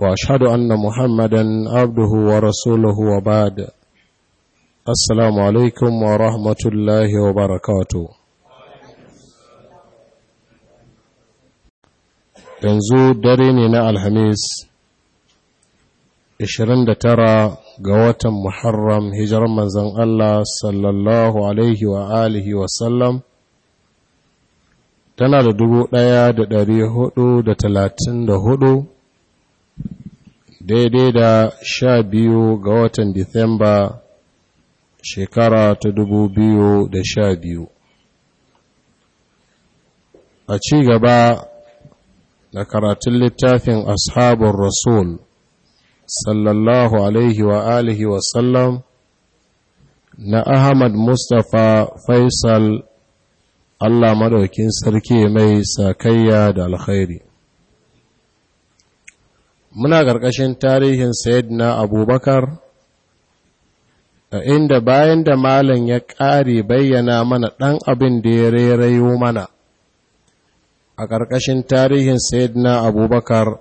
واشهد ان محمدا عبده ورسوله وبعد السلام عليكم rahmatullahi الله وبركاته yanzu dare ne na alhamis 29 ga watan muharram hijirar manzan Allah sallallahu alaihi wa alihi wa sallam tana da 1434 daidai da sha biyu ga watan Disamba shekara ta dubu biyu da sha biyu. A ci gaba da karatun littafin Ashabun Rasul, sallallahu Alaihi wa alihi wasallam, na Ahmad Mustapha Faisal, Allah Madaukin Sarki mai sakayya da alkhairi. muna ƙarƙashin tarihin na abubakar a inda bayan da malam ya ƙare bayyana mana ɗan abin da ya rairayo mana a ƙarƙashin tarihin na abubakar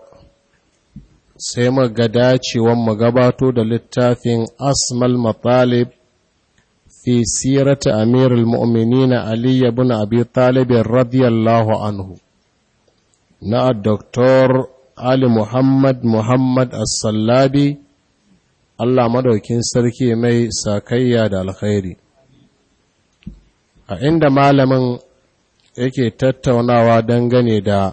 sai mu ga dacewan mu gabato da littafin asmal matalib fi sirata amirul mu'minina ali ibn abi talib radiyallahu anhu na ali muhammad muhammad as-sallabi allah madaukin sarki mai sakayya da alkhairi a inda malamin yake tattaunawa dangane da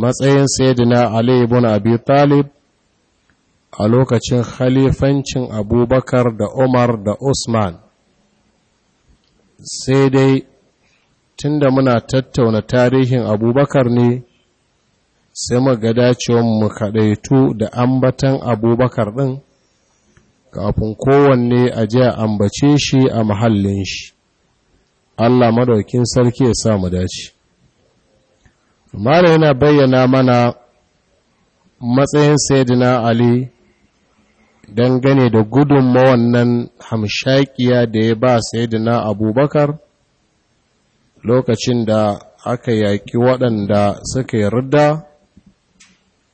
matsayin sayyidina ali ibn abi talib a lokacin khalifancin abubakar da umar da usman sai dai tunda muna tattauna tarihin abubakar ne sai ga dacewar mu kaɗaitu da ambatan abubakar ɗin, kafin kowanne a je a ambace shi a mahallin shi Allah madaukin sarki ya sa mu dace Mala yana bayyana mana matsayin saidina Ali dangane da gudun nan hamshakiya da ya ba Sayyidina Abubakar lokacin da aka yaƙi waɗanda suka yarda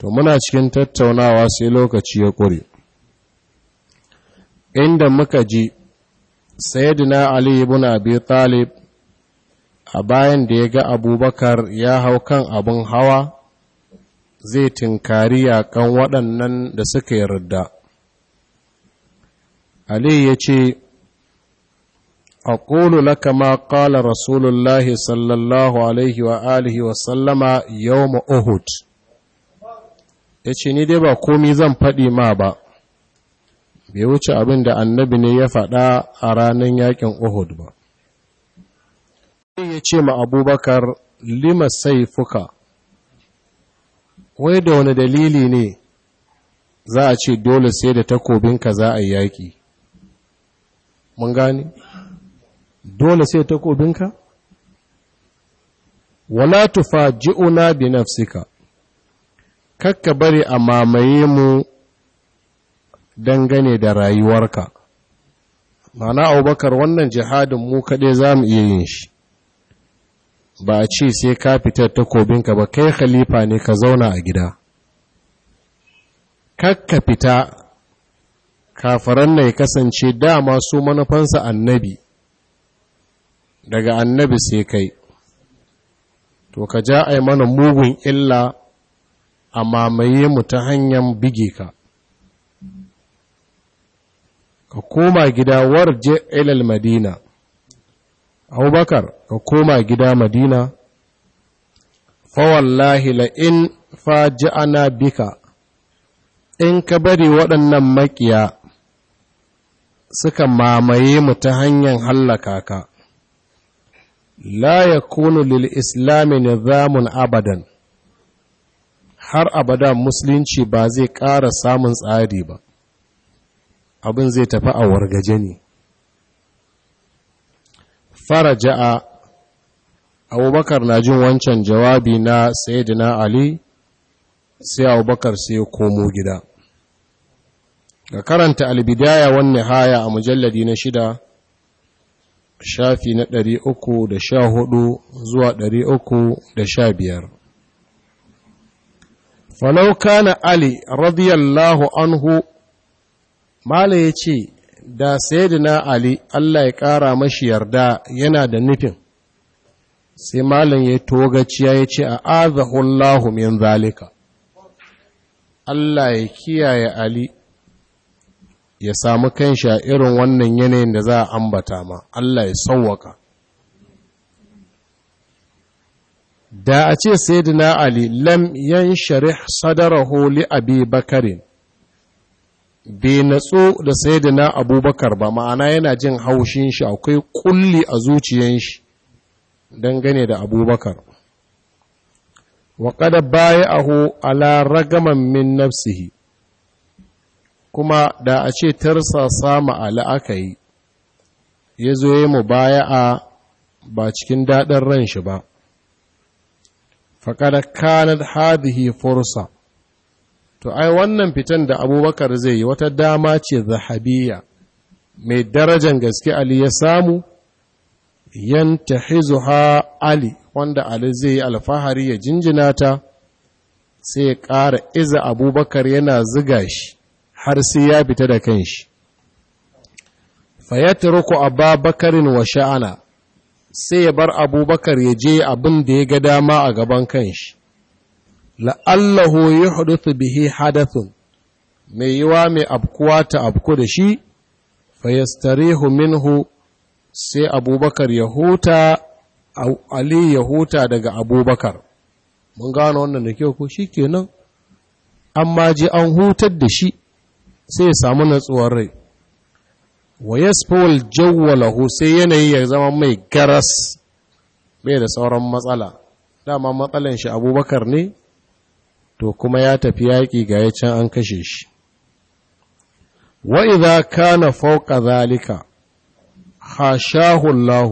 to muna cikin tattaunawa sai lokaci ya ƙure inda muka ji sayyidina ali ibn abi talib a bayan da ya ga abubakar ya hau kan abin hawa zai tinkari yakan waɗannan da suka yarda ali ya ce أقول لك ما قال رسول الله صلى الله عليه وآله وسلم يوم أهد ya ce ni dai ba komi zan faɗi ma ba bai wuce abin da annabi ne ya faɗa a ranar yakin Uhud ba. Ya ce ma abubakar lima saifuka, wai da wani dalili ne za a ce dole sai da takobinka za a yi yaƙi. Mun gani? Dole sai da takobinka? Wala tufa ji'una bi nafsika, kakka bari a mamaye mu dangane da rayuwarka mana abubakar wannan jihadin mu kaɗai za mu iya yin shi ba a ce sai ka fitar takobinka ba kai khalifa ne ka zauna a gida kakka fita kafaran na ya kasance dama su manufansa annabi daga annabi sai kai to ka ja a yi mana mugun illa a mamaye mu ta hanyar bige ka ka koma gida warje ilal madina abubakar ka koma gida madina fawallahi la'in faji'ana bika in ka bari waɗannan makiya suka mamaye mu ta hanyar hallaka ka la ya kunu lil islami nizamun abadan har abada musulunci ba zai ƙara samun tsari ba abin zai tafi a wargaje ne faraja'a abubakar na jin wancan jawabi na na ali sai abubakar sai ya komo gida ga karanta albidaya wani haya a mujalladi na shida shafi na 314 zuwa 315 walau kana ali radiyallahu anhu mala ya ce da sayyidina ali allah ya ƙara mashi yarda yana da nufin sai malam ya togaciya ya ce a azahullahu min zalika allah ya kiyaye ali ya samu kanshi a irin wannan yanayin da za a ambata ma allah ya sauwaka da a ce sayyidina ali lam sharih sadarahu li abi bakarin bai natsu da sayyidina abubakar ba ma'ana yana jin haushin shi akwai kulli a zuciyan shi dangane da abubakar wa qad bai'ahu ala ragaman min nafsihi kuma da a ce tarsa sama ala aka yi ya zo ya mubaya'a ba cikin daɗin ran shi ba faƙada kanat hadihi fursa to ai wannan fitan da abubakar zai yi wata dama ce zahabiya mai darajan gaske ali ya samu yanta hizuha ali wanda ali zai yi alfahari ya jinjina ta sai ya ƙara iza abubakar yana ziga shi har sai ya fita da kanshi fayyata ruku abubakarin wa sha'ana sai ya bar abubakar ya je abin da ya ga dama a gaban kanshi la'allahu yuhdithu bihi hadathun mai yiwa mai abkuwa ta abku da shi fayastarihu minhu sai abubakar ya huta ali ya huta daga abubakar mun gano wannan da kyau ko kenan. amma je an hutar da shi sai ya samu natsuwar rai wa yasfawal jawwalahu sai yanayi ya zama mai garas bai da sauran matsala dama matsalan shi abubakar ne to kuma ya tafi yaƙi ga ya can an kashe shi wa idza kana fawqa zalika hashahu Allah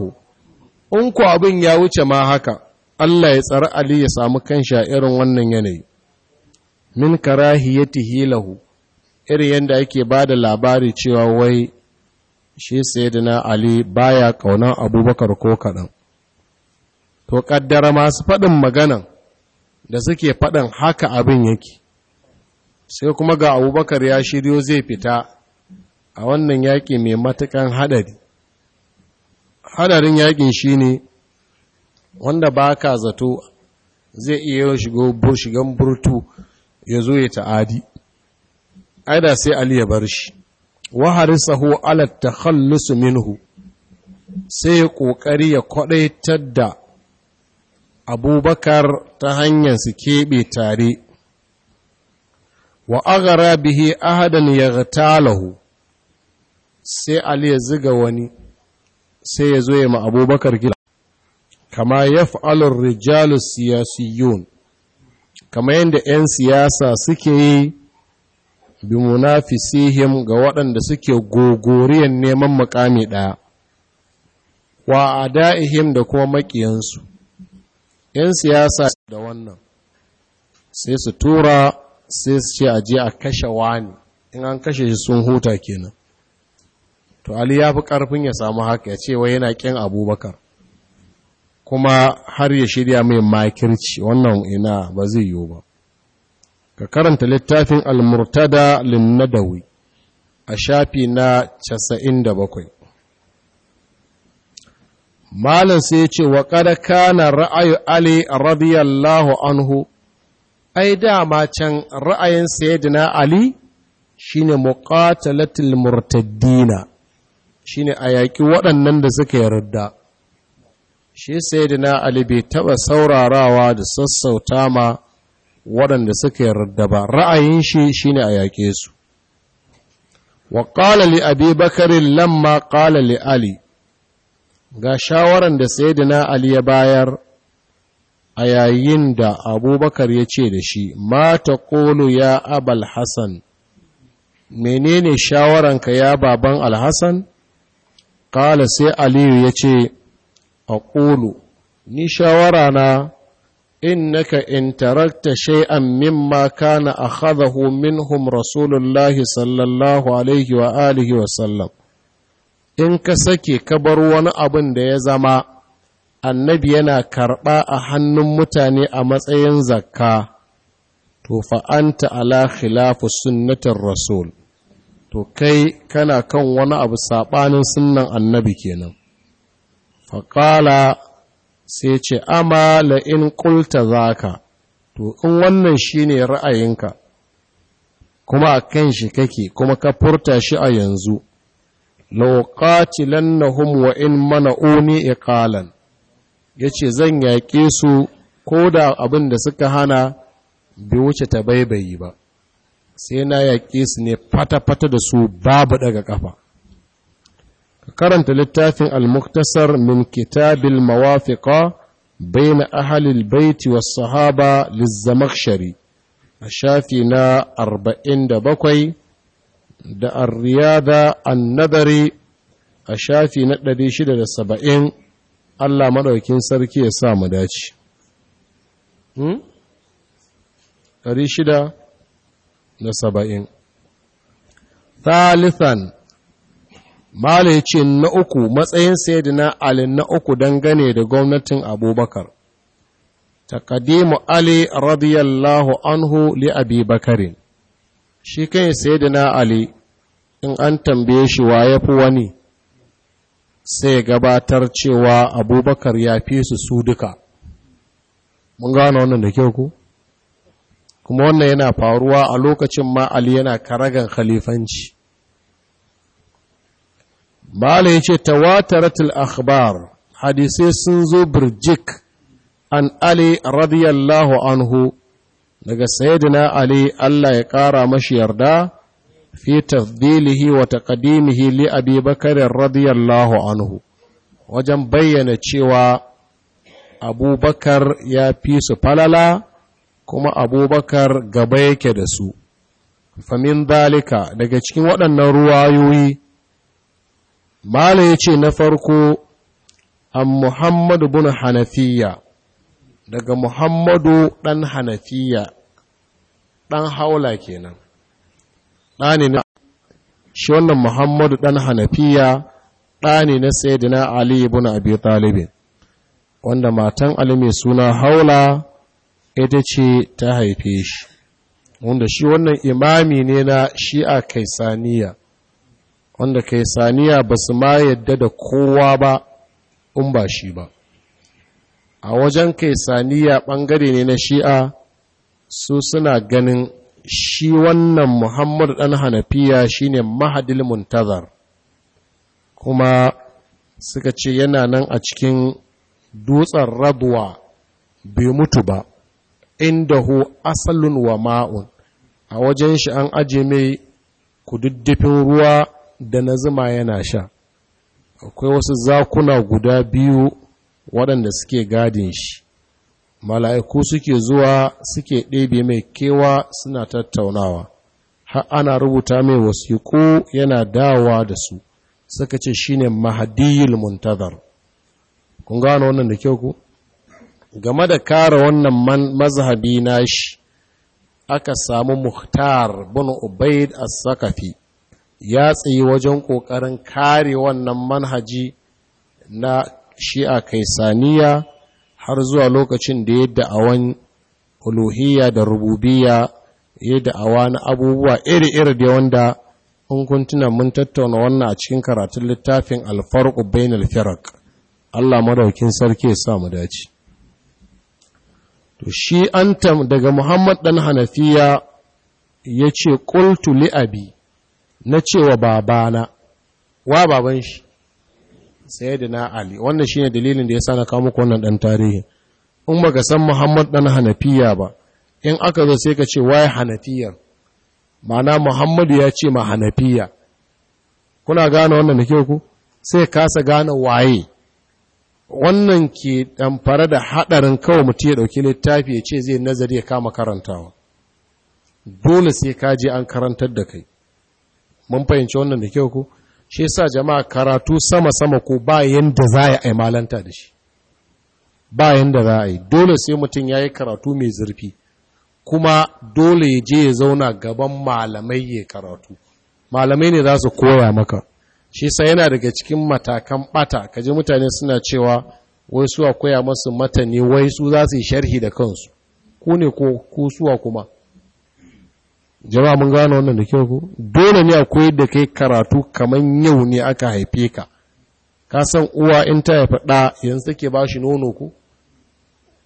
in ku abin ya wuce ma haka Allah ya tsara Ali ya samu kanshi a irin wannan yanayi min karahiyatihi lahu irin yanda yake bada labari cewa wai shi sayyidina ali baya kaunan abubakar ko kaɗan to kaddara masu faɗin maganan da suke faɗin haka abin yake sai kuma ga abubakar ya shiryo zai fita a wannan yaƙi mai matukan haɗari haɗarin yaƙin shi ne wanda baka zato zai iya shigan burtu ya zo ya ta'adi aida sai ali ya bar shi wa Saho ala takhallus minhu sai ya ƙoƙari ya kwaɗaitar da abubakar ta hanyar su keɓe tare wa agara bihi ahadan ya talahu sai ali ya ziga wani sai ya zo ya ma abubakar gida kama ya fa'alun rijalu siyasiyun kama yadda ‘yan siyasa suke yi bi munafisihim ga waɗanda suke gogoriyan neman makami ɗaya wa ada'ihim da kuma makiyansu. ‘yan siyasa da wannan sai su tura sai su ce aje a kashe wani in an kashe shi sun huta kenan to ali ya fi ƙarfin ya samu haka ya ce wa yana ƙin abubakar kuma har ya shirya mai makirci wannan ina ba zai yiwu ba ka karanta littafin al-murtada linnadawi a shafi na 97 malam sai ya ce wa kada kana ra'ayu ali radiyallahu anhu ai dama can ra'ayin sayyidina ali shine muqatalatul murtaddina shine a yaƙi waɗannan da suka yarda shi sayyidina ali bai taɓa saurarawa da sassauta ma waɗanda suka yarda ba ra'ayin shi shi ne a yaƙe su wa ƙala li abi bakarin lamma ƙala li ali ga shawaran da na ali ya bayar a yayin da abubakar ya ce da shi mata ƙolu ya abal hassan menene shawaranka ya baban alhassan kala sai aliyu ya ce a ƙolu ni shawara na innaka in tarakta shay'an mimma kana akhadahu minhum rasulullah sallallahu alaihi wa alihi wa sallam in ka sake ka bar wani abun da ya zama annabi yana karɓa a hannun mutane a matsayin zakka to fa'anta ala khilafu sunnatin rasul to kai kana kan wani abu saɓanin sunnan annabi kenan faƙala sai ce amma la in kulta zaka to in wannan shine ra'ayinka kuma a kan shi kake kuma ka furta shi a yanzu lauqatilannahum wa in mana'uni iqalan yace zan yaƙe su ko da abin da suka hana bi wuce ta baibayi ba sai na yaƙe su ne fata-fata da su babu daga ƙafa karanta littafin al-muktasar min kitabil mawafiqa baina ahlil baiti wa sahaba liz-zamakhshari a shafi na 47 da ar-riyada an-nadari a shafi na 670 Allah madaukin sarki ya sa mu dace hmm? 670 ثالثا Mala ya ce na uku matsayin Sayyidina Ali na uku gane da gwamnatin Abubakar. Takadimu Ali radiyallahu anhu li Abi Bakarin. Shi kan Sayyidina Ali in an tambaye shi wa ya fi wani sai gabatar cewa Abubakar ya fi su su duka. Mun gano wannan da kyau ku? Kuma wannan yana faruwa a lokacin ma Ali yana karagan khalifanci. malam ya ce tawataratul akhbar hadisai sun zo birjik an ali radiyallahu anhu daga sayyidina ali Allah ya ƙara mashi yarda fi tafdilihi wa taqdimihi li abi bakar radiyallahu anhu wajen bayyana cewa abubakar ya fi su falala kuma abubakar gaba yake da su famin dalika daga cikin waɗannan ruwayoyi malam ya ce na farko, an Muhammadu bin Hanafiya, daga Muhammadu ɗan Hanafiya, ɗan haula kenan. ɗani na shi wannan Muhammadu ɗan Hanafiya ɗani na Sayyidina Ali ibn Abi ɗalibin, wanda matan Ali mai suna Haula ita ce ta haife shi wanda shi wannan imami ne na Shi'a Kaisaniya wanda kai saniya ba su ma yadda da kowa ba in ba shi ba a wajen kai saniya ɓangare ne na shi'a su suna ganin shi wannan muhammadu ɗan hanafiya shine mahadil muntazar kuma suka ce yana nan a cikin dutsen raduwa bai mutu ba inda hu asalin wa ma'un a wajen shi an aje mai kududdufin ruwa da na zuma yana sha akwai wasu zakuna guda biyu waɗanda suke gadin shi mala'iku suke zuwa suke ɗebe mai kewa suna tattaunawa har ana rubuta mai wasiku yana dawa da su suka ce shine mahadiyyar muntazar kun gano wannan da kyau ku game da kara wannan mazhabi shi aka samu muhtar bin ubaid as-sakafi ya tsaye wajen ƙoƙarin kare wannan manhaji na shi'a kaisaniya har zuwa lokacin da ya da'awan uluhiyya da rububiya, ya da'awa na abubuwa iri-iri da wanda hunkuntuna kuntuna mun tattauna wannan a cikin karatun littafin alfarku bainal alfirak Allah madaukin sarki ya sa mu dace shi an daga Muhammad dan Hanafiya ya ce kultu li'abi na cewa babana wa baban shi sai da na ali wannan shine dalilin da ya sa na kawo muku wannan dan tarihi in baka san muhammad dan hanafiya ba in aka zo sai ka ce wai hanafiya ma'ana muhammadu ya ce ma hanafiya kuna gane wannan da kyau ku sai kasa gane waye wannan ke damfara da hadarin kawai mutum ya dauki littafi ya ce zai nazari ya kama karantawa dole sai ka an karantar da kai mun fahimci wannan da kyau ko shi yasa jama'a karatu sama-sama ko ba yanda za a yi malanta da shi ba yanda za a yi dole sai mutum ya yi karatu mai zurfi kuma dole ya je ya zauna gaban malamai ya karatu malamai ne za su koya maka shi sai yana daga cikin matakan bata kaji mutane suna cewa wai suwa koya masu matane wai su za su yi sharhi da kansu ku ne ko ku suwa kuma jama'a mun gano wannan da kyau ko dole ne akwai da kai karatu kaman yau ne aka haife ka ka san uwa in ta haifa ɗa yanzu take ba shi nono ko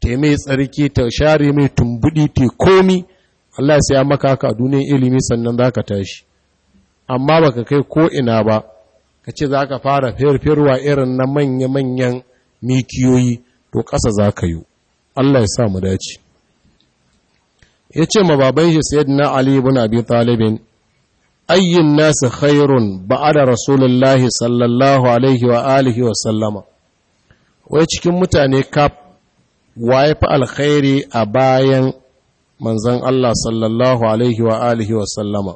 te mai tsarki ta share mai tumbuɗi te komi Allah sai ya maka ka a duniyar ilimi sannan za ka tashi amma baka kai ko ina ba ka ce za ka fara firfirwa irin na manya-manyan mikiyoyi to ƙasa za ka yi Allah ya sa mu dace ya ce ma baban shi sayyidina ali ibn abi talibin ayyin nasu khairun ba'ada rasulullahi sallallahu alaihi wa alihi wa sallama wai cikin mutane kaf waye fa alkhairi a bayan manzon Allah sallallahu alaihi wa alihi wa sallama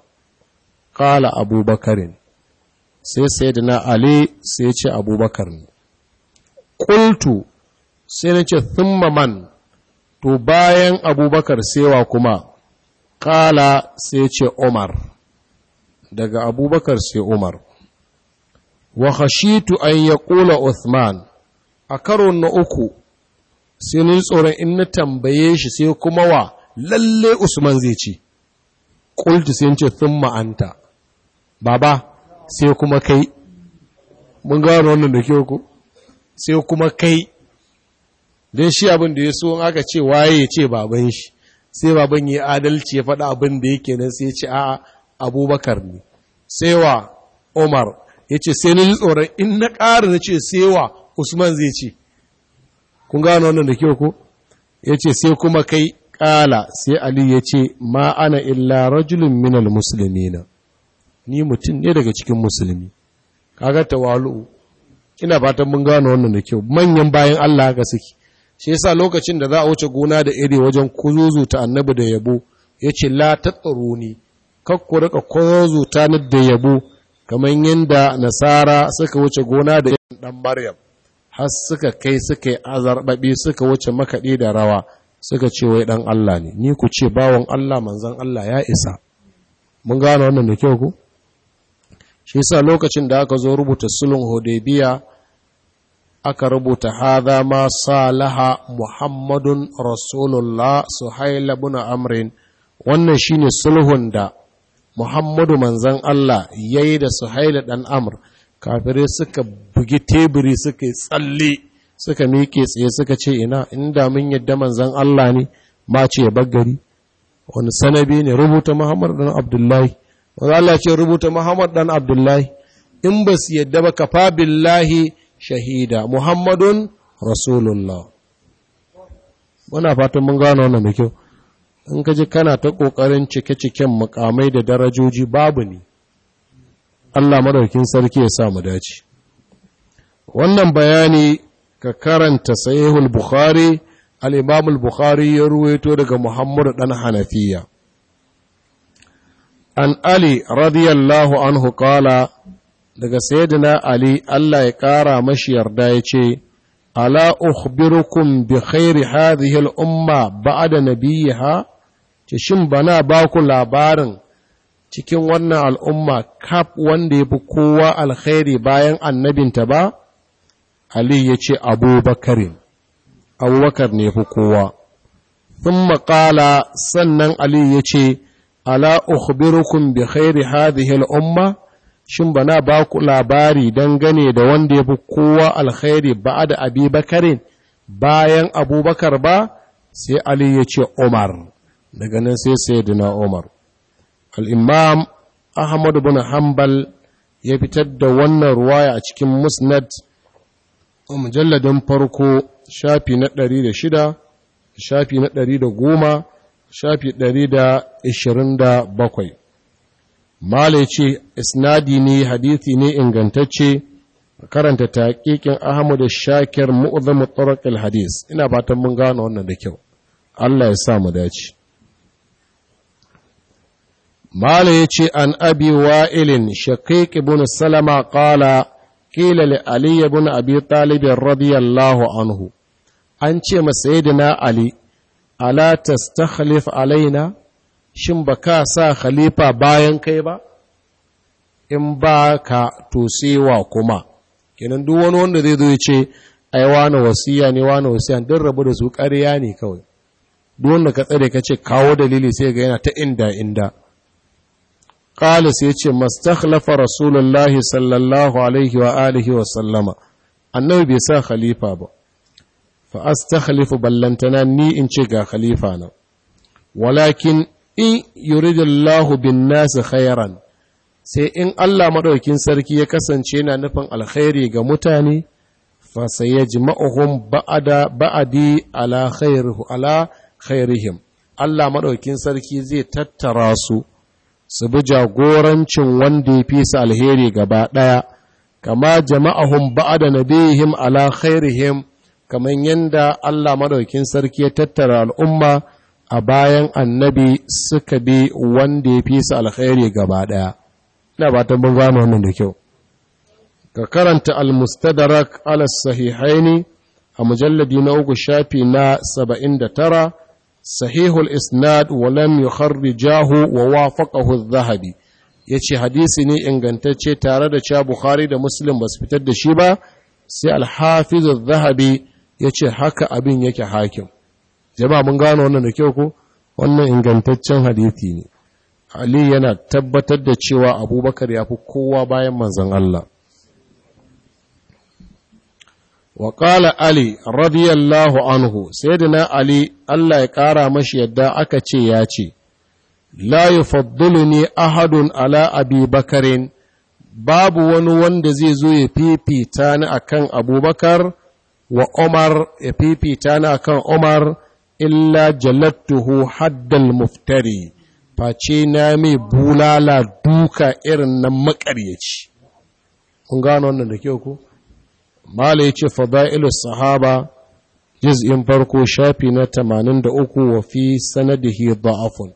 Kala abubakarin sai sayyidina ali sai ya ce abubakar ne qultu sai na ce thumma man to bayan abubakar sewa kuma kala sai ce umar daga abubakar sai umar wa tu an ya ƙula uthman a karo na uku sai ni tsoron in na tambaye shi sai kuma wa lalle usman zai ce ƙultu sai ce sun ma'anta baba sai kuma kai mun gano wannan da kyau ku sai kuma kai don shi abin da ya so in aka ce waye ya ce baban shi sai baban ya adalci ya faɗa abin da yake nan sai ya ce a abubakar ne sai wa umar ya ce sai na ji tsoron in na ƙara na ce sai wa usman zai ce kun gano wannan da kyau ko ya ce sai kuma kai ƙala sai ali ya ce ma ana illa rajulun minal musulmi na ni mutum ne daga cikin musulmi kaga tawalu ina fatan mun gano wannan da kyau manyan bayan Allah haka suke shi yasa lokacin da za a wuce gona da iri wajen ta annabi da yabo ya ce la tatruni kakku rika ta ni da yabo kamar yadda nasara suka wuce gona da yin dan maryam har suka kai suka yi azarbabi suka wuce makaɗi da rawa suka ce wai dan Allah ne ni ku ce bawon Allah manzan Allah ya isa mun gano wannan da kyau ku shi yasa lokacin da aka zo rubuta sulhun hudaybiya aka rubuta hada ma salaha muhammadun rasulullah suhaila bin amrin wannan shine sulhun da muhammadu manzan Allah ya yi da suhaila dan amr kafirai suka bugi teburi suka yi tsalle suka miƙe tsaye suka ce ina inda mun yadda manzan Allah ne ma ce ya baggari wani sanabi ne rubuta muhammad dan abdullahi Wani Allah ce rubuta muhammad dan abdullahi in ba su yadda ba kafa billahi shahida muhammadun rasulullah muna fatan mun gano wannan da kyau in ka ji kana ta ƙoƙarin cike-ciken mukamai da darajoji babu ne Allah madaukin sarki ya sa mu dace wannan bayani ka karanta sahihul bukhari al-imam bukhari ya ruwaito daga muhammad dan hanafiya an ali radiyallahu anhu kala. daga sayyidina ali Allah ya ƙara mashi yarda ya ce ala ukhbirukum bi khairi hadhihi al-umma ba'da nabiyha ce shin bana ba ku labarin cikin wannan al'umma kaf wanda ya fi kowa alkhairi bayan annabinta ba ali ya ce abubakarin abubakar ne fi kowa sun maƙala sannan ali ya ce ala ukhbirukum bi khairi hadhihi al-umma shin bana ba ku labari don gane da wanda ya fi kowa alkhairi ba da abi bakarin bayan abubakar ba sai ali ya ce umar daga nan sai sayyidina umar al'imam ahmad bin hanbal ya fitar da wannan ruwaya a cikin musnad a mujalladin farko shafi na ɗari da shida, shafi na ɗari da goma, shafi ɗari da da bakwai. Mala ce, Isnadi ne, hadithi ne ingantacce, karanta taƙiƙin Ahmadu Shakir mu'azamu tsarakil hadis, ina fatan mun gano wannan da kyau, Allah ya sa mu dace. Mala ya ce, An abi wa'ilin, shaƙiƙi bin Salama ƙala, ƙila li Ali bin Abi Talibin radiyallahu anhu, an ce saidina Ali, ala tastakhlif alaina shin ba ka sa khalifa bayan kai ba in ba ka tosewa kuma kenan duk wani wanda zai zo ya ce ai wani wasiya ne wani wasiya din rabu da su ƙarya ne kawai duk wanda ka tsare ka ce kawo dalili sai ga yana ta inda inda qala sai ce mastakhlafa rasulullahi sallallahu alaihi wa alihi wa sallama annabi bai sa khalifa ba fa astakhlifu ballantana ni in ce ga khalifa na walakin in yuridillahu bin nasu khairan sai in Allah maɗaukin sarki ya kasance na nufin alkhairi ga mutane fasayajma'uhum ba'ada ba'adi ala khairuhu ala khairihim Allah maɗaukin sarki zai tattara su su bi jagorancin wanda ya fi su alheri gaba ɗaya kama jama'ahum ba'ada nabihim ala khairihim kamar yadda Allah maɗaukin sarki ya tattara al'umma a bayan annabi suka bi wanda ya fi su alkhairi gaba ɗaya ina ba ta bin zama wannan da kyau ka karanta al-mustadrak ala sahihaini a mujalladi na uku shafi na saba'in 79 sahihul isnad wa lam yukharrijahu wa wafaqahu Zahabi. Ya yace hadisi ne ingantacce tare da cha bukhari da muslim basu fitar da shi ba sai al-hafiz adh-dhahabi yace haka abin yake hakim jama'a mun gano wannan da kyau ko wannan ingantaccen hadisi ne ali yana tabbatar da cewa abubakar ya fi kowa bayan manzon Allah wa qala ali radiyallahu anhu sayyidina ali Allah ya kara mashi yadda aka ce ya ce la yufaddiluni ahadun ala abi bakarin babu wani wanda zai zo ya fifita ni akan abubakar wa umar ya fifita ni akan umar illa jalattuhu haddal muftari face na mai bulala duka irin nan makaryaci kun gano wannan da kyau ku mala ce fada'ilu sahaba juz'in farko shafi na 83 wa fi sanadihi da'afun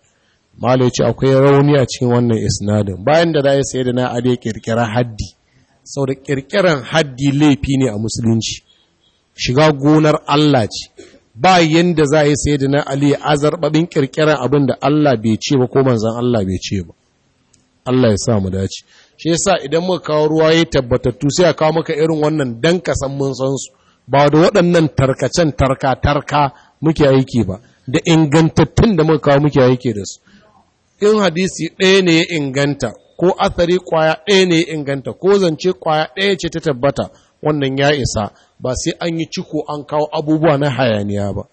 mala ce akwai rauni a cikin wannan isnadin bayan da zai sai da na ade kirkira haddi sau da kirkiran haddi laifi ne a musulunci shiga gonar Allah ce ba yanda za a yi sai da na Ali azarbabin kirkirar abin da Allah bai ce ba ko manzan Allah bai ce ba Allah ya sa mu dace shi yasa idan muka kawo ruwa ya tabbatattu sai a kawo maka irin wannan dan ka mun san su ba da waɗannan tarkacen tarka tarka muke aiki ba da ingantattun da muka kawo muke aiki da su in hadisi ɗaya ne ya inganta ko asari kwaya ɗaya ne ya inganta ko zance kwaya ɗaya ce ta tabbata wannan ya isa ba sai an yi ciko an kawo abubuwa na hayaniya ba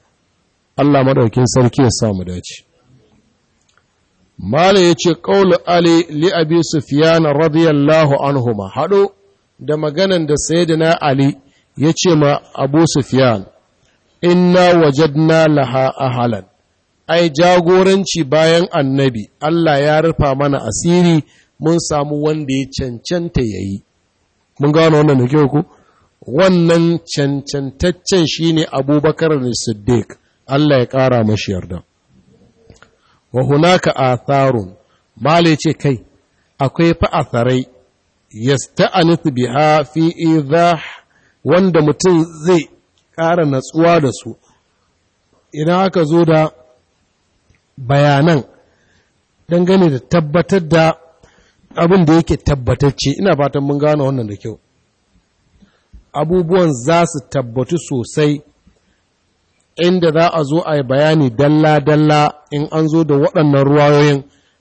Allah madaukin sarki ya samu dace Malam ya ce ƙaunar Ali li'abi Sufiyan radiyallahu anhuma haɗo da maganan da Sayyidina Ali ya ce ma Abu Sufiyan, Inna wajadna laha ahalan, ai jagoranci bayan annabi, Allah ya rufa mana asiri mun samu wanda ya cancanta ya yi. Mun gano wannan da kyau ku? wannan cancantaccen shi ne abubakar siddiq Allah ya ƙara mashi yarda wa hunaka atharun male ce kai akwai fa atharai yasta'anith biha fi idah wanda mutum zai ƙara natsuwa da su idan aka zo da bayanan dangane da tabbatar da abin da yake tabbatacce ina fatan mun gane wannan da kyau abubuwan za su tabbatu sosai inda za a zo a yi bayani dalla-dalla in an zo da waɗannan ruwayoyin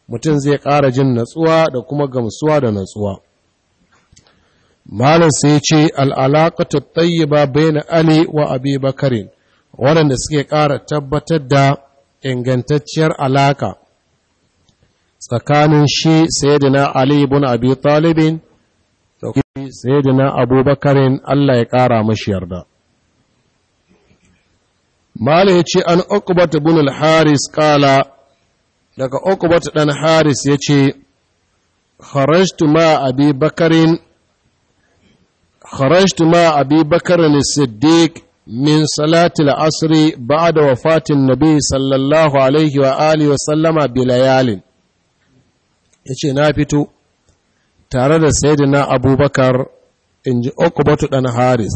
mutum zai ƙara jin natsuwa da kuma gamsuwa da natsuwa. Malam sai ce al'alaƙatar tayyiba bayan Ali wa Abi Bakarin, waɗanda suke ƙara tabbatar da ingantacciyar alaƙa tsakanin shi Sayyidina Ali ibn Abi Talibin sayyidina abubakarin Allah ya ƙara mashi yarda Mala ya ce an Uqbat ibn al-Haris kala daga Uqbat dan Haris yace ce kharajtu ma Abi Bakarin kharajtu ma Abi Bakarin Siddiq min salati al-asr ba'da wafatin Nabi sallallahu alaihi wa alihi wa sallama bilayalin yace na fito tare da saidina abubakar in ji okubatu ɗan haris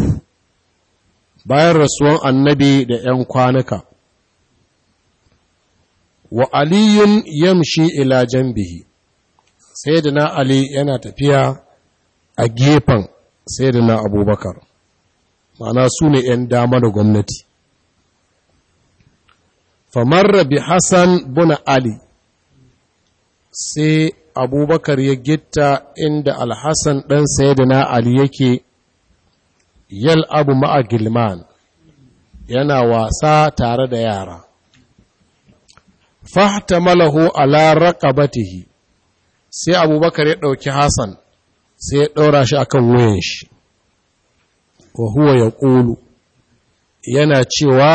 bayan rasuwan annabi da ‘yan kwanuka wa aliyun yamshi ila jambihi saidina ali yana tafiya a gefen saidina abubakar mana su ne ‘yan dama da gwamnati famar Rabi hassan buna ali sai abubakar ya gitta inda alhassan ɗan sayyidina ali yake yal abu ma'a gilman yana wasa tare da yara fahta malahu ala raqabatihi sai abubakar ya ɗauki hassan sai ya ɗaura shi akan wuyan shi wa huwa ya ƙulu yana cewa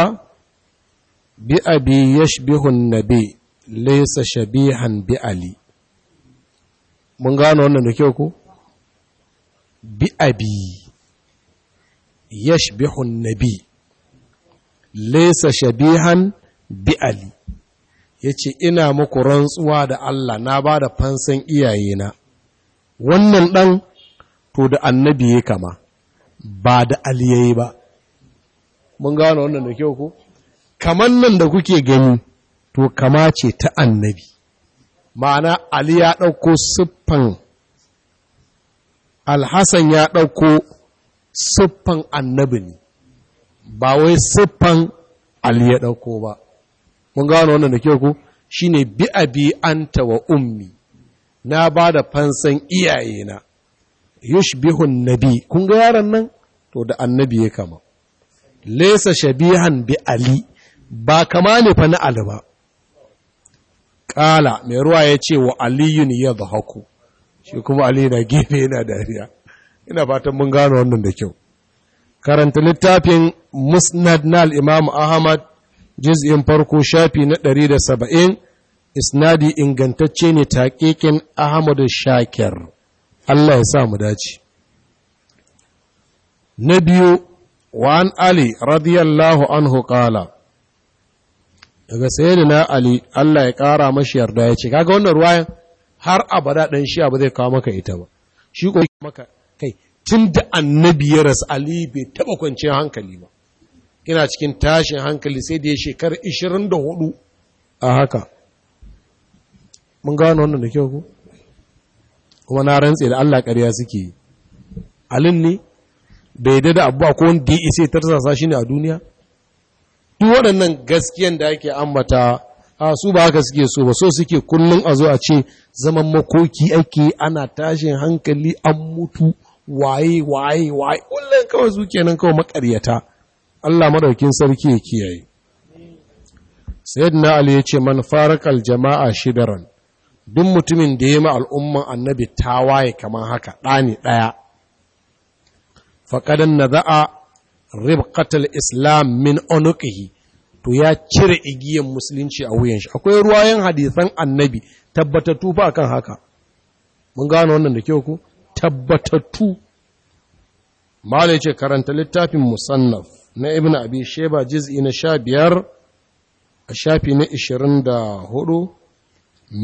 bi abi yashbihun nabi laysa shabihan bi ali mun gano wannan da kyau ko bi abi yashbihu nabi laysa shabihan bi ali yace ina muku rantsuwa da Allah na ba da fansan na. wannan dan to da annabi ya kama ba da ali yayi ba mun gano wannan da kyau ko kaman nan da kuke gani to kama ce ta annabi ma'ana ali ya ɗauko siffan alhassan ya ɗauko siffan annabi ne ba wai siffan ali ya ɗauko ba mun gano wannan da kyau ku ne bi bi anta wa ummi na ba da fansan iyayena yushbihun nabi kun ga yaron nan to da annabi ya kama lesa shabihan bi ali ba kama ne fa na ali ba ƙala mai ruwa ya ce wa aliyun ya zahaku shi kuma aliyu na gefe yana dariya ina fatan mun gano wannan da kyau karanta littafin musnad na Imam ahmad jiz'in farko shafi na 170 isnadi ingantacce ne taƙiƙin ahmadu shakir allah ya sa mu dace na biyu wa an ali radiyallahu anhu kala daga na ali Allah ya kara mashi yarda ya ce kaga wannan ruwayan har abada dan shi ba zai kawo maka ita ba shi ko maka kai da annabi ya rasu ali bai taba kwanciyar hankali ba ina cikin tashin hankali sai da ya shekar 24 a haka mun gano wannan da kyau ko kuma na rantse da Allah ƙarya suke yi alin ne bai da abuwa ko wanda ya isa tarsasa shi ne a duniya duk waɗannan gaskiyan da ake ambata a su ba haka suke so ba so suke kullum a zo a ce zaman makoki ake ana tashin hankali an mutu waye waye waye kullum kawai su kenan kawai makaryata Allah maɗaukin sarki ya kiyaye sayyidina ali ya ce man farakal jama'a shidaran duk mutumin da ya ma al'umman annabi waye kamar haka ɗani ɗaya fakadan na za'a ribqatul islam min unuqihi to ya cire igiyan musulunci a wuyan shi akwai ruwayan hadisan annabi tabbatattu ba kan haka mun gano wannan da kyau ku tabbatattu mala karanta littafin musannaf na ibn abi sheba juz'i na 15 a shafi na 24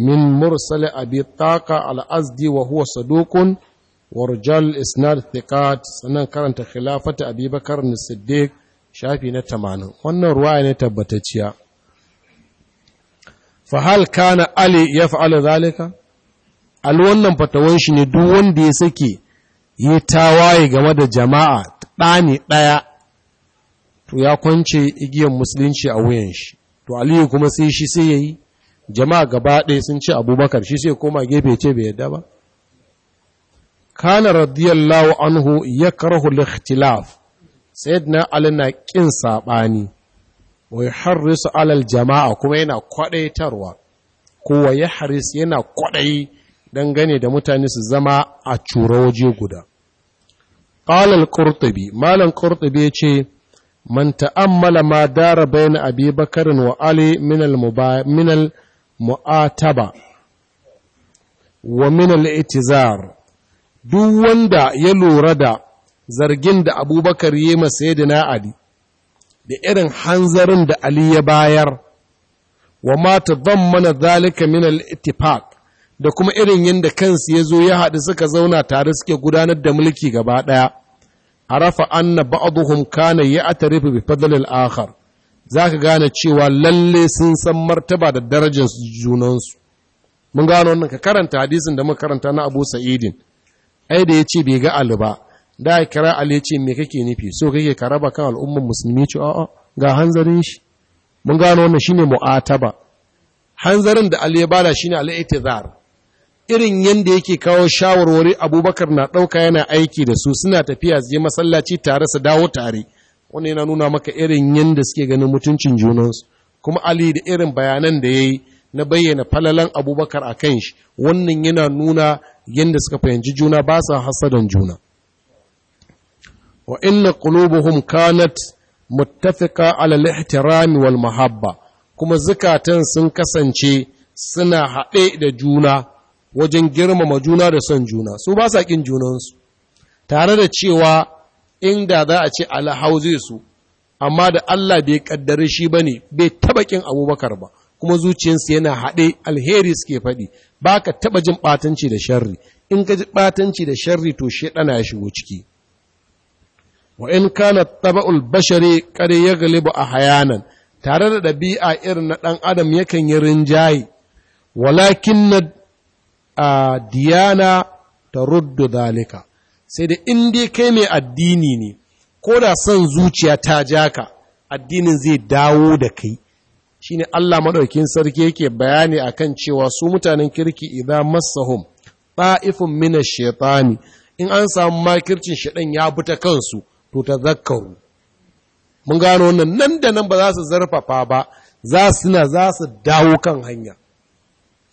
min mursal abi taqa al-azdi wa huwa saduqun warjal isnad thiqat sannan karanta ta abubakar na siddiq shafi na tamanin wannan ruwaya ne tabbatacciya fahal kana ali ya zalika al wannan fatawan shi ne duk wanda ya sake yi tawaye game da jama'a ɗani ɗaya to ya kwance igiyar musulunci a wuyan shi to aliyu kuma sai shi sai ya jama'a gaba ɗaya sun ce abubakar shi sai koma gefe ce bai yadda ba kana radiyallahu anhu ya karahu likhtilaf sayyidina ali na ƙin saɓani wai harrisu alal jama'a kuma yana kwaɗaitarwa kowa Yaharis yana kwaɗayi dangane da mutane su zama a cura waje guda ƙalal ƙurtubi malam ƙurtubi ya ce man ta'ammala ma dara bayan abi bakarin wa minal mu'ataba wa minal itizar duk wanda ya lura da zargin da abubakar yi masa yadda ali da irin hanzarin da ali ya bayar wa mata zan mana zalika min al-ittifaq da kuma irin yadda kansu ya zo ya haɗu suka zauna tare suke gudanar da mulki gaba ɗaya a rafa anna ba'aduhum kana ya atarifu bi fadlil akhar za ka gane cewa lalle sun san martaba da darajar junansu mun gano wannan ka karanta hadisin da muka karanta na Abu Sa'idin ai da ya ce bai ga ali ba da ya kira ali ya ce me kake nufi so kake ka raba kan al'ummar musulmi ce a'a ga hanzarin shi mun gano wannan ne mu'ataba hanzarin da ali ya bada shine al-i'tizar irin yanda yake kawo shawarwari abubakar na ɗauka yana aiki da su suna tafiya su masallaci tare su dawo tare Wani yana nuna maka irin yadda suke ganin mutuncin junansu kuma ali da irin bayanan da ya yi. na bayyana falalan abubakar a kan shi wannan yana nuna yadda suka fahimci juna ba sa hasadan juna wa inna qulubuhum kanat muttafiqa ala al-ihtiram wal mahabba kuma zukatan sun kasance suna haɗe da juna wajen girmama juna da son juna su ba sa ƙin junansu tare da cewa inda za a ce alhauze su amma da Allah bai kaddare shi bane bai taba ƙin abubakar ba kuma zuciyarsa yana haɗe alheri suke faɗi ba ka taɓa jin ɓatanci da sharri in ka ji ɓatanci da sharri to shaɗana ya shigo ciki wa in kana taba'ul bashari kare ya galibu a hayanan tare da ɗabi'a irin na ɗan adam yakan yi rinjaye walakin na diyana ta ruddu zalika sai da in dai kai mai addini ne ko da son zuciya ta ja ka addinin zai dawo da kai shine Allah maɗaukin sarki yake bayani akan cewa su mutanen kirki idan massahum ta'ifun mina ash in an samu makircin shaɗan ya bi ta kansu to ta zakaru mun gano wannan nan da nan ba za su zarfafa ba za su na za su dawo kan hanya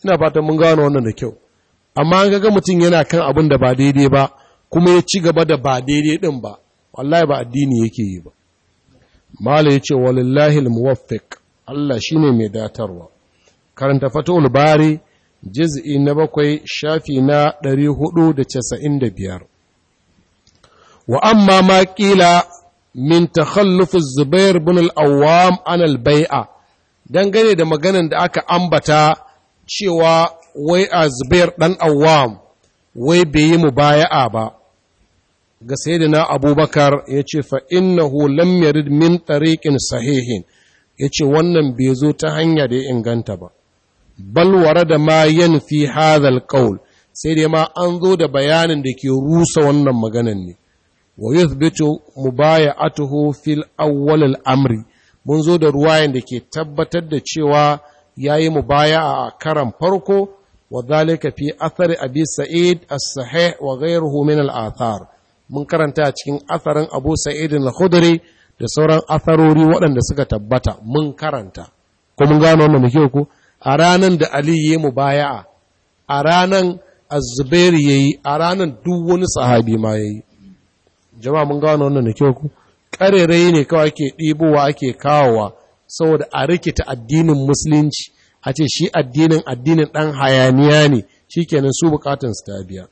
ina fatan mun gano wannan da kyau amma an ga mutum yana kan abin da ba daidai ba kuma ya ci gaba da ba daidai din ba wallahi ba addini yake yi ba mala ce, walillahi muwaffiq Allah shi ne mai datarwa karanta fatul bari jiz'i na bakwai shafi na da da casa'in biyar. wa amma ma ƙila min takhalluf zubair bin al-awwam an al dangane da maganar da aka ambata cewa wai a zubair dan awwam wai bai yi mubaya'a ba ga sayyidina abubakar ya ce fa innahu lam yarid min tariqin sahihin ya ce wannan bai zo ta hanya da ya inganta ba balware da ma yin fi hazal kawul sai dai ma an zo da bayanin da ke rusa wannan maganan ne wa yuthbitu mubaya'atuhu fil awwal al amri mun zo da ruwayan da ke tabbatar da cewa yayi baya a karan farko wa dhalika fi athari abi sa'id as-sahih wa ghayruhu min al athar mun karanta cikin atharin abu sa'id al-khudri da sauran atharori waɗanda suka tabbata mun karanta ko mun gano wannan muke ku a ranan da Ali yayi mubaya'a a ranan Az-Zubair yayi a ranan duk wani sahabi ma yayi jama'a mun gano wannan muke ku karerai ne kawai ake ɗibowa ake kawowa saboda a rikita addinin musulunci a ce shi addinin addinin ɗan hayaniya ne shikenan su bukatun su ta biya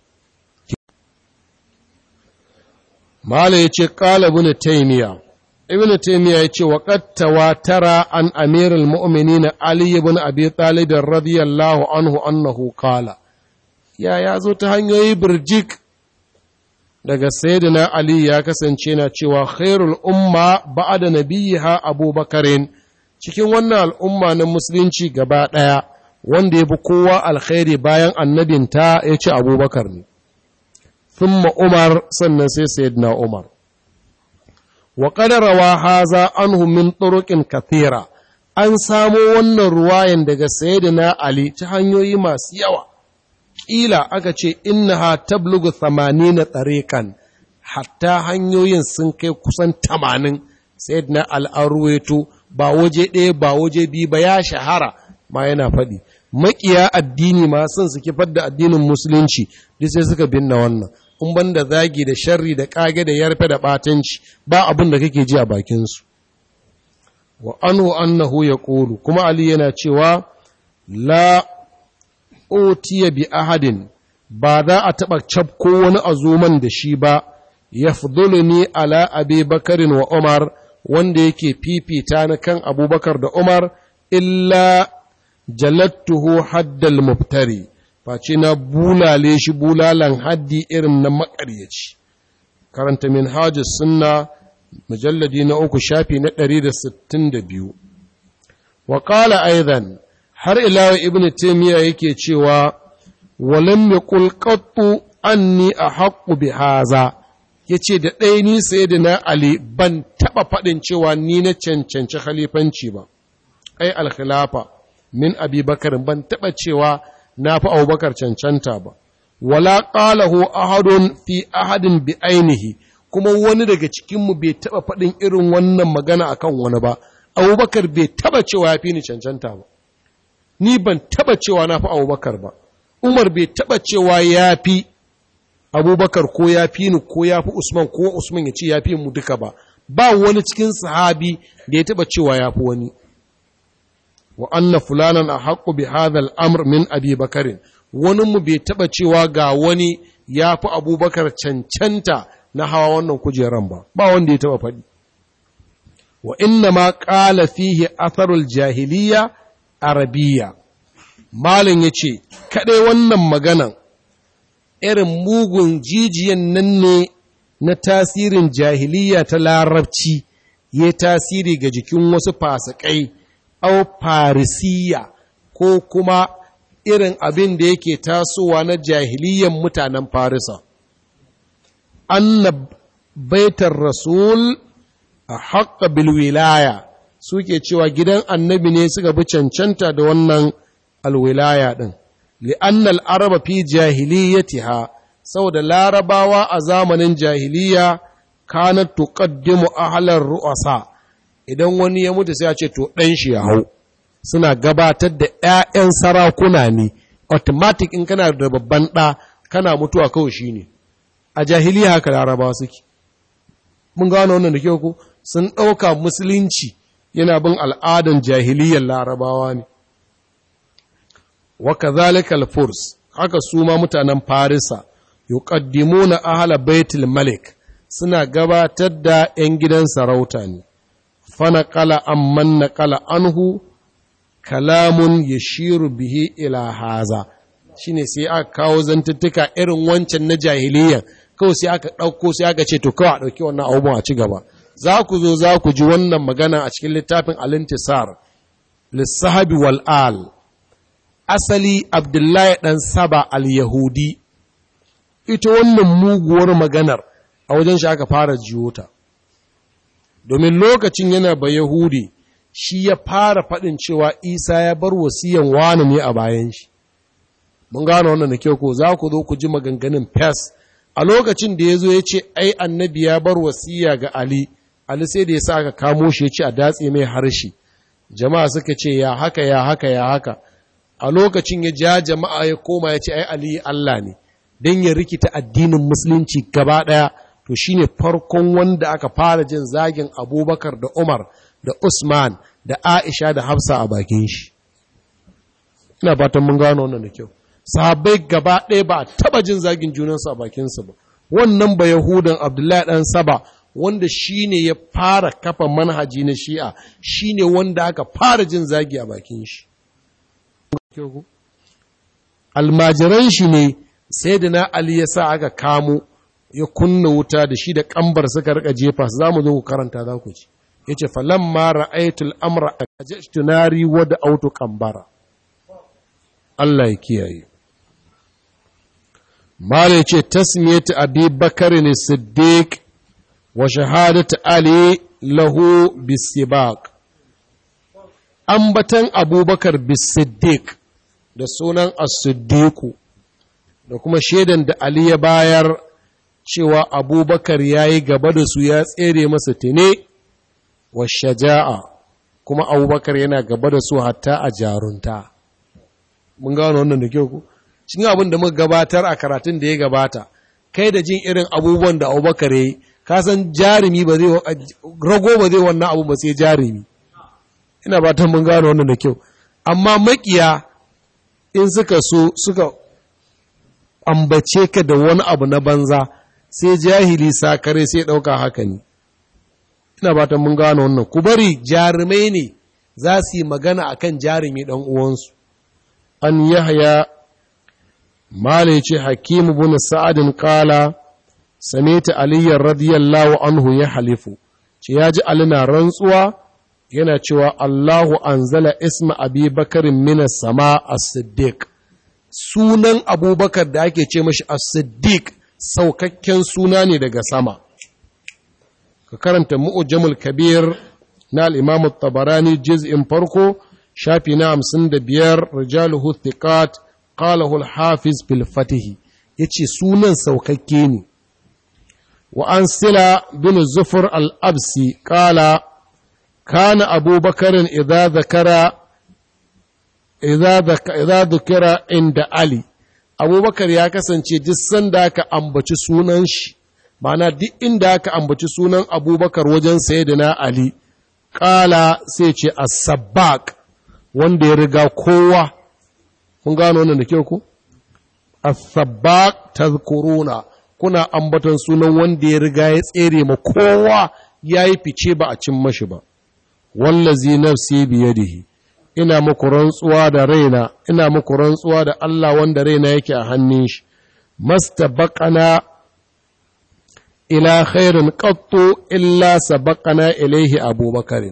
Mala ya ce, ƙalabu na taimiya, ibn taymiya yace wa qad tara an amirul mu'minin ali ibn abi talib radiyallahu anhu annahu qala ya ya zo ta hanyoyi birjik daga sayyidina ali ya kasance na cewa khairul umma ba'da nabiyha abubakarin cikin wannan al'umma na musulunci gaba daya wanda ya bi kowa alkhairi bayan annabinta ya ce abubakar ne thumma umar sannan sai sayyidina umar wa ƙadarawa haza anhu min turuqin kathira an samo wannan ruwayan daga sayyidina ali ta hanyoyi masu yawa ƙila aka ce innaha tablugu 80 tariqan hatta hanyoyin sun kai kusan 80 sayyidina al-arwayto ba waje ɗaya ba waje biyu ba ya shahara ma yana faɗi maƙiya addini ma sun su kifar da addinin musulunci duk sai suka binne wannan in ban da zagi da sharri da kage da yarfe da batanci ba abin da kake ji a bakinsu wa anhu annahu ya kolu kuma ali yana cewa la otiya bi ahadin ba za a taɓa cafko wani azoman da shi ba ya ne ala abi bakarin wa umar wanda yake fifita na kan abubakar da umar illa jalattuhu haddal muftari face na bulale shi bulalan haddi irin na makaryaci karanta min hajji sunna mujalladi na uku shafi na 162 biyu. Wakala aidan har ila ibn taymiya yake cewa walam yaqul qattu anni a bi haza yace da ɗaya ni na ali ban taɓa faɗin cewa ni na cancanci khalifanci ba ai al khilafa min abubakar ban taba cewa na fi abubakar cancanta ba wala qalahu ahadun fi ahadin bi ainihi kuma wani daga cikinmu bai taba faɗin irin wannan magana a kan wani ba abubakar bai taba cewa ya fi ni cancanta ba ni ban taba cewa na fi abubakar ba umar bai taba cewa ya fi abubakar ko ya fi ni ko ya fi usman ko usman ya ce ya fi mu duka ba ba wani cikin sahabi da ya taba cewa ya fi wani wa anna fulanan a haƙo bi hadha amr min abi bakarin wani bai taɓa cewa ga wani ya fi abubakar cancanta na hawa wannan kujeran ba ba wanda ya taɓa faɗi wa inna ma ƙala fihi atharul jahiliya arabiya malin ya ce kaɗai wannan maganan irin mugun jijiyan nan ne na tasirin jahiliya ta larabci ya tasiri ga jikin wasu fasakai au farisiya ko kuma irin abin da yake tasowa na jahiliyan mutanen farisa anna baitar rasul a haƙa bilwilaya suke cewa gidan annabi ne suka bi cancanta da wannan alwilaya ɗin li'annal araba fi sau saboda larabawa a zamanin jahiliya kanat tuƙaddimu ahlar ru'asa idan wani ya mutu sai a ce to ɗan shi ya hau suna gabatar da 'ya'yan sarakuna ne automatic in kana da babban ɗa kana mutuwa kawai shi ne a jahiliya haka larabawa suke mun gano wannan da kyau sun ɗauka musulunci yana bin al'adan jahiliyar larabawa ne wa kadhalika al-furs haka su ma mutanen farisa na ahla baitul malik suna gabatar da 'yan gidan sarauta ne fanaqala amman naqala anhu kalamun yashiru bihi ila haza shine sai aka kawo zantattuka irin wancan na jahiliya kawai sai aka ɗauko sai aka ce to kawai a ɗauki wannan abubuwan a ci gaba za ku zo za ku ji wannan magana a cikin littafin alintisar lissahabi al asali abdullahi ɗan saba al-yahudi ita wannan muguwar maganar a wajen shi aka fara jiyota domin lokacin yana ba Yahudi shi ya fara faɗin cewa Isa ya bar wasiyan wani ne a bayan shi. Mun gano wannan da kyau ko za ku zo ku ji maganganun fes a lokacin da ya zo ya ce ai annabi ya bar wasiya ga Ali, Ali sai da ya sa aka kamo shi ya ce a datse mai harshe. Jama'a suka ce ya haka ya haka ya haka. A lokacin ya ja jama'a ya koma ya ce ai Ali Allah ne, don ya rikita addinin musulunci gaba ɗaya. to shi ne farkon wanda aka fara jin zagin abubakar da umar da usman da aisha da hafsa a bakin shi ina fatan mun gano wannan da kyau sahabbai gaba ɗaya ba a taɓa jin zagin junansu a bakinsu ba wannan ba yahudan abdullahi ɗan saba wanda shi ne ya fara kafa manhaji na shi'a shi ne wanda aka fara jin zagi a bakin shi almajiran shi ne sai da na ali ya sa aka kamo ya kunna wuta da shi da kambar suka rika jefa za mu zo ku karanta za ku ci ya ce falon mara aitul amra a tunari wadda auto kambara Allah ya kiyaye mara ya ce tasmiyata abi bakari ne siddiq wa shahadata ali lahu bisibak ambatan abubakar bisiddiq da sunan as-siddiqu da kuma shaidan da ali ya bayar cewa abubakar ya yi gaba da su ya tsere masa tene wa shaja'a kuma abubakar yana gaba da su hatta a jarunta mun gano wannan da kyau ku cin abin da muka gabatar a karatun da ya gabata kai da jin irin abubuwan da abubakar ya yi ka san jarumi ba zai rago ba zai wannan abu ba sai jarumi ina ba ta mun gano wannan da kyau amma makiya in suka so suka ambace ka da wani abu na banza sai jahili sakare sai ɗauka haka ne ina ba ta mun gano wannan ku bari jarumai ne za su yi magana a kan jarumi ɗan uwansu an yahaya mala ce hakim bin sa'adin kala ta aliyar radiyallahu anhu ya halifu ce ya ji alina rantsuwa yana cewa Allahu anzala isma abi bakarin mina sama a siddiq sunan abubakar da ake ce mashi a siddiq saukakken suna ne daga sama ka karanta mu'ujamul kabir na al'imamu tabarani jiz'in farko shafi na hamsin da biyar rijaluhu thiqat qalahu hafiz filfatihi fatihi yace sunan saukakke ne wa an sila bin zufur al'absi ƙala, kana abubakarin idza zakara idza zakara inda ali abubakar ya kasance duk sanda aka ambaci sunan shi mana duk inda aka ambaci sunan abubakar wajen da na ali kala sai ce as-sabbaq wanda ya riga kowa kun gano wannan da kyau A as-sabbaq tadhkuruna kuna ambatar sunan wanda ya riga ya tsere ma kowa yayi fice ba a cin mashi ba wallazi nafsi biyadihi ina muku rantsuwa da raina ina muku rantsuwa da Allah wanda raina yake a hannun shi mastabaqana ila khairin qattu illa sabaqana ilaihi abubakar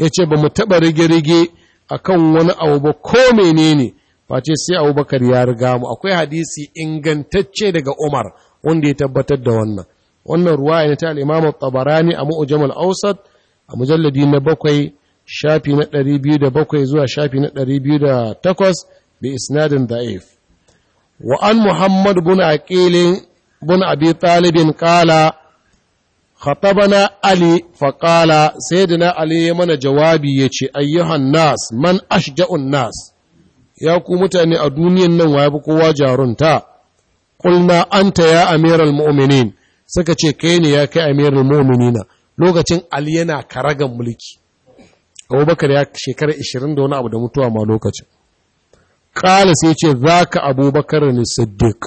yace ba mu taba rige-rige akan wani abu ba ko menene face sai abubakar ya riga mu akwai hadisi ingantacce daga Umar wanda ya tabbatar da wannan wannan ruwaya ne ta al-Imam tabarani a Mu'jam al-Awsat a mujalladi na bakwai shafi na 207 zuwa shafi na 208 bi isnadin da'if wa an muhammad bin aqil bin abi talib qala khatabana ali fa qala sayyidina ali ya mana jawabi yace ayyuhan nas man ashja'un nas ya ku mutane a duniyan nan waye kowa jarunta qulna anta ya amiral mu'minin suka ce kai ne ya kai amiral mu'minina lokacin ali yana karagan mulki abubakar ya shekara 20 da wani abu da mutuwa ma lokacin kala sai ce za ka abubakar ne siddiq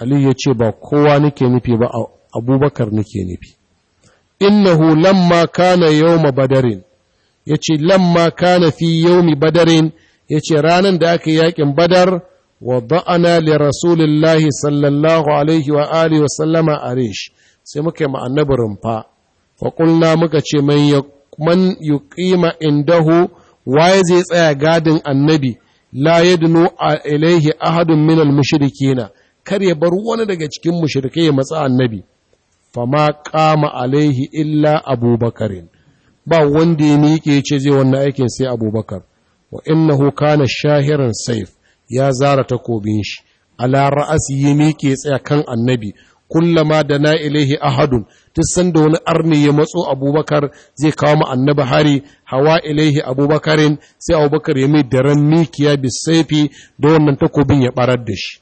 ali ya ce ba kowa nake nufi ba abubakar nake nufi innahu lamma kana yawma badarin ya ce lamma kana fi yawmi badarin ya ce ranar da aka yakin badar wa da'ana li rasulillahi sallallahu alaihi wa alihi wa sallama arish sai muka yi ma'annabi rumfa fa muka ce man man yuqima indahu waye zai tsaya gadin annabi la yadnu ilaihi ahadun min al-mushrikeena kar ya bar wani daga cikin mushrikai ya matsa annabi fama kama alaihi illa abubakarin ba wanda ya miƙe ce zai wannan aikin sai abubakar wa innahu kana shahiran saif ya zara takobin shi ala ra'asi ya miƙe tsaya kan annabi kullama da na ilaihi ahadun duk sanda wani arni ya matso abubakar zai kawo mu annabi hari hawa ilaihi abubakarin sai abubakar ya mai daren mikiya bisaifi da wannan takobin ya barar da shi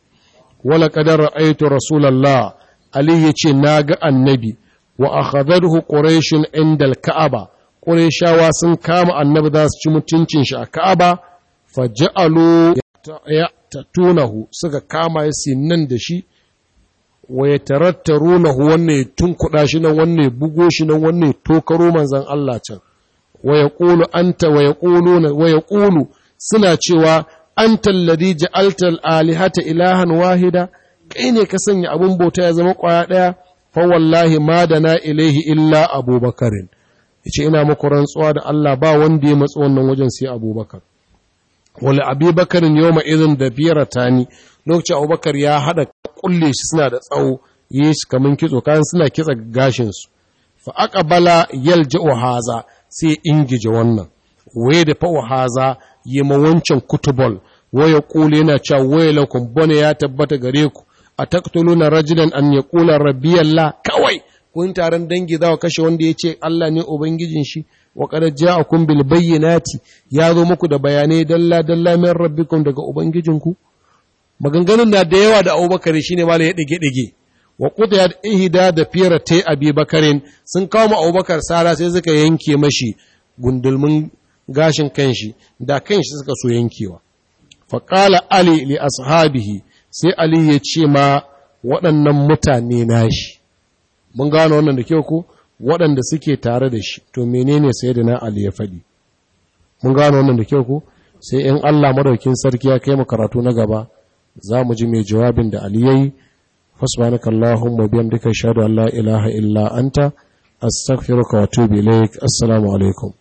wala qadar ra'aytu rasulallah ali yace naga annabi wa akhadhahu quraish inda al-ka'aba qurayshawa sun kama annabi za su ci mutuncin shi a ka'aba faj'alu ya tatunahu suka kama yasi nan da shi wa ya na wanne ya kuɗa shi nan wanne, bugo shi nan wanne ya tokaro manzan Allah can wa ya ƙulu anta wa ya ƙulu wa ya ƙulu suna cewa an talladi ja'altal alihata ilahan wahida kai ne ka sanya abin bauta ya zama ƙwaya ɗaya fa wallahi ma da na ilaihi illa abubakarin ce ina muku rantsuwa da Allah ba wanda ya matsu wannan wajen sai abubakar wal abubakarin yawma idhin da biyar ta ni lokacin abubakar ya haɗa. kulle shi suna da tsawo yi shi kaman kitso kayan suna kitsa gashin su fa yal ji ohaza sai ingije wannan waye da ohaza haza yi ma wancan kutubol waya kula yana cewa waya laukun bane ya tabbata gare ku A na rajinan an yaqula Yalla? kawai kun taron dangi za a kashe wanda ya ce Allah ne ubangijin shi wa a ja'akum bil bayyanati ya zo muku da bayanai dalla dalla min rabbikum daga ubangijinku maganganun na da yawa da abubakar shine mala ya dage dage wa qudiyat ihida da ta abi bakarin sun kawo ma abubakar sara sai suka yanke mashi gundulmin gashin kanshi da kanshi suka so yankewa faƙala ali li ashabihi sai ali ya ce ma waɗannan mutane nashi mun gano wannan da kyau ko waɗanda suke tare da shi to menene sai da na ali ya faɗi mun gano wannan da kyau ko sai in Allah madaukin sarki ya kai mu karatu na gaba za mu ji mai jawabin da Ali yayi fasbanaka ma duka duka an la ilaha illa anta astaghfiruka wa tubi laik assalamu alaikum